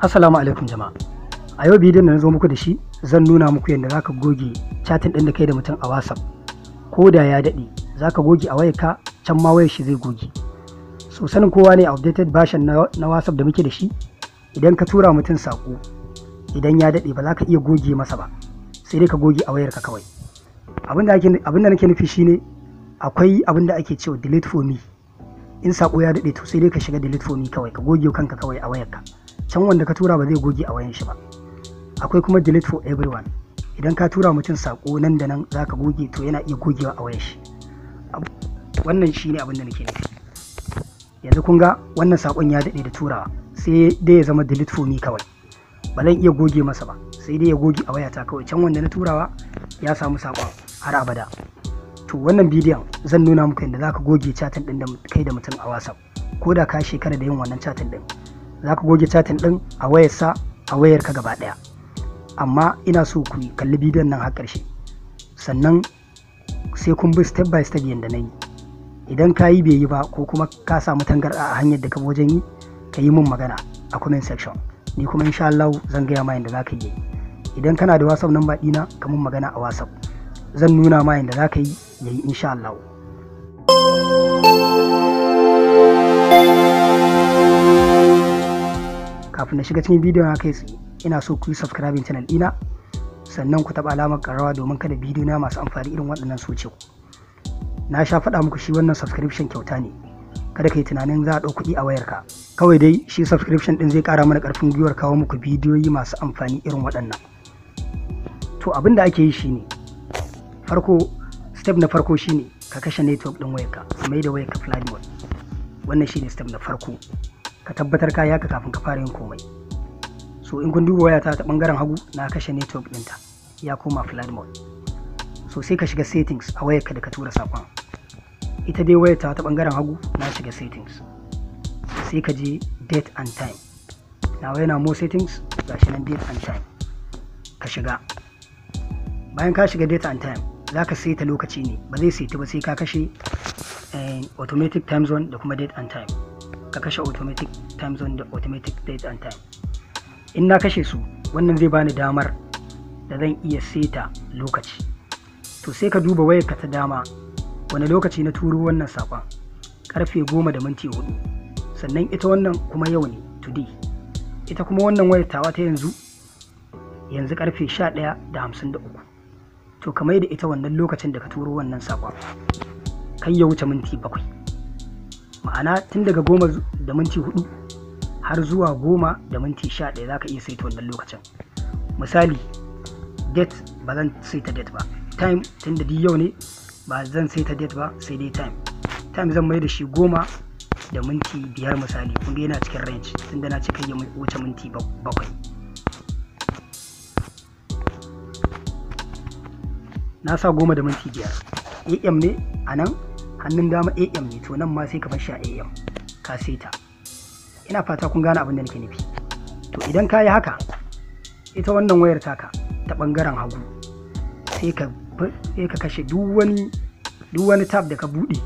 Assalamu alaikum jama'a. A yau bidiyon da na zo muku da shi zan nuna muku yadda za ka goge chatin ɗin da kai da mutum a WhatsApp. Ko da ya daɗe ka goge a wayarka can ma wayar shi zai goge. So sanin kowa ne a updated version na, WhatsApp da muke da shi idan ka tura mutum saƙo idan ya daɗe ba za ka iya goge masa ba sai dai ka goge a wayarka kawai. Abin da nake nufi shi ne akwai abin da ake cewa delete for me in saƙo ya daɗe to sai dai ka shiga delete for me kawai ka goge kanka kawai a wayarka. can wanda ka tura ba zai goge a wayan shi ba akwai kuma delete for everyone idan ka tura mutum sako nan da nan za ka goge to yana iya gogewa a wayan shi wannan shi ne abin da nake nufi yanzu kun ga wannan sakon ya dade da turawa sai dai ya zama delete for me kawai ba zan iya goge masa ba sai dai ya goge a wayata kawai can wanda na turawa ya samu sakon har abada to wannan bidiyon zan nuna muku yadda za ka goge chatin ɗin da kai da mutum a whatsapp ko da ka shekara da yin wannan chatin ɗin za ka goge chatin ɗin a wayarsa a wayar ka gaba ɗaya amma ina so ku kalli bidiyon nan har karshe sannan sai kun bi step by step yadda na yi idan ka yi bai yi ba ko kuma ka samu tangarɗa a hanyar da ka wajen yi ka yi min magana a comment section ni kuma insha Allah zan gaya ma yadda za ka yi idan kana da whatsapp number ɗina ka min magana a whatsapp zan nuna ma yadda za ka yi yayi insha Allah thank you kafin na shiga cikin bidiyon na kai ina so ku yi subscribing channel ina sannan ku taɓa alamar karawa domin kada bidiyo na masu amfani irin waɗannan su ce na sha faɗa muku shi wannan subscription kyauta ne kada ka yi tunanin za a ɗau kuɗi a wayarka kawai dai shi subscription ɗin zai ƙara mana ƙarfin gwiwar kawo muku bidiyoyi masu amfani irin waɗannan to abin da ake yi shi ne farko step na farko shi ne ka kashe network ɗin wayarka mai da wayarka flat mode wannan ne step na farko ka tabbatar ka yaka kafin ka fara yin komai so in kun duba wayata ta bangaren hagu na kashe network ɗinta ya koma flight mode so sai ka shiga settings a wayar ka da ka tura saƙon ita dai wayata ta bangaren hagu na shiga settings sai ka je date and time Na waya yana more settings gashi nan date and time ka shiga bayan ka shiga date and time za ka saita lokaci ne ba zai saita ba sai ka kashe eh, automatic time zone da kuma date and time ka kashe automatic time zone da automatic date and time in na kashe su wannan zai bani damar da zan iya seta lokaci to sai ka duba wayar ka ta dama wani lokaci na turo wannan saƙon karfe goma da minti hudu sannan ita wannan kuma yau ne today ita kuma wannan wayar tawa ta yanzu yanzu karfe sha ɗaya da hamsin da uku to kamar da ita wannan lokacin da ka turo wannan saƙon kai ya wuce minti bakwai ma'ana tun daga goma da minti hudu har zuwa goma da minti sha ɗaya za ka iya saita wannan lokacin misali date ba zan saita date ba time tun da yau ne ba zan saita date ba sai dai time time zan mai da shi goma da minti biyar misali kunga yana cikin range tun da na cikin ya wuce minti bakwai na sa goma da minti biyar am ne a nan hannun dama am ne to nan ma sai ka bar shi a am ka seta ina fata kun gane abin da nake nufi to idan ka yi haka ita wannan wayar taka ta bangaren hagu sai ka kashe duk wani duk wani tab da ka buɗe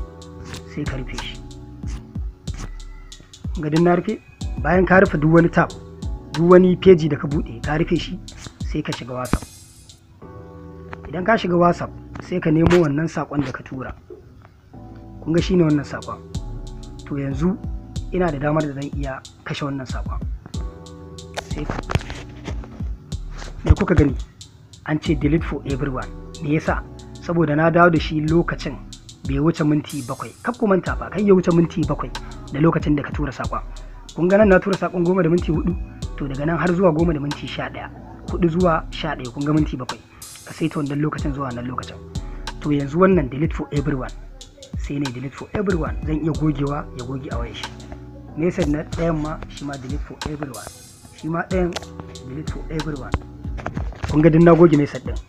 sai ka rufe shi gadin na rufe bayan ka rufe duk wani tab duk wani peji da ka buɗe ka rufe shi sai ka shiga whatsapp idan ka shiga whatsapp sai ka nemo wannan saƙon da ka tura kun ga shine wannan sakon to yanzu ina da damar da zan iya kashe wannan sakon me kuka gani an ce delete for everyone me yasa saboda na dawo da shi lokacin bai wuce minti bakwai kaf ku manta ba kai ya wuce minti bakwai da lokacin da ka tura sakon kun ga nan na tura sakon goma da minti hudu to daga nan har zuwa goma da minti sha ɗaya hudu zuwa sha ɗaya kun ga minti bakwai ka saita wannan lokacin zuwa wannan lokacin to yanzu wannan delete for everyone sai ne delete for everyone zan iya gogewa ya goge a wayar shi message na ɗayan ma shi ma delete for everyone shi ma ɗayan delete for everyone kun ga na goge message ɗin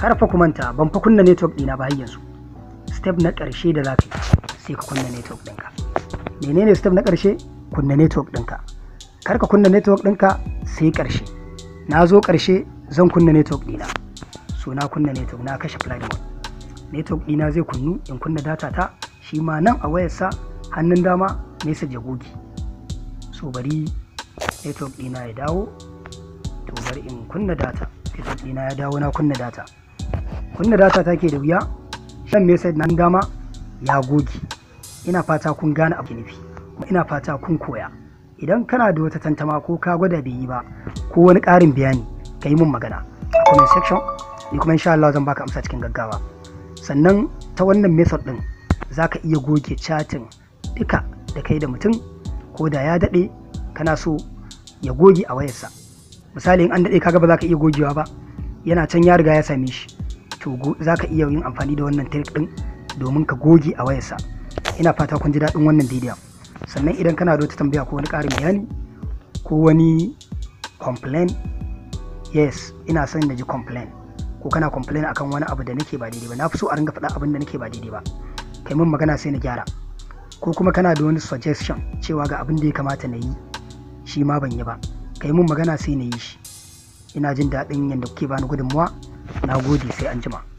kar fa kumanta ban fa kunna network ɗina ba har yanzu step na ƙarshe da za sai ka kunna network ɗinka menene step na ƙarshe kunna network ɗinka kar ka kunna network ɗinka sai ƙarshe na zo ƙarshe zan kunna network ɗina so na kunna network na kashe flight mode network dina zai kunnu in kunna data ta shi ma nan a wayarsa hannun dama message ya goge so bari network dina ya dawo to bari in kunna data network dina ya dawo na kunna data kunna data take da wuya shan message nan dama ya goge ina fata kun gane abu nufi ina fata kun koya idan kana da wata tantama ko ka gwada bai yi ba ko wani ƙarin bayani ka yi mun magana a comment section ni kuma insha Allah zan baka amsa cikin gaggawa sannan ta wannan method ɗin za ka iya goge chatin duka da kai da mutum ko da ya daɗe kana so ya goge a wayarsa misali in an daɗe kaga ba za ka iya gogewa ba yana can ya riga ya same shi to za ka iya yin amfani da wannan trick ɗin domin ka goge a wayarsa ina fata kun ji daɗin wannan bidiyon sannan idan kana da wata tambaya ko wani ƙarin bayani ko wani complain yes ina son na ji complain ko kana complain akan wani abu da nake ba daidai ba na fi so a ringa faɗa abin da nake ba daidai ba kai mun magana sai na gyara ko kuma kana da wani suggestion cewa ga abin da ya kamata na yi shi ma ban yi ba kai mun magana sai na yi shi ina jin daɗin yadda kuke bani gudunmuwa na gode sai anjima.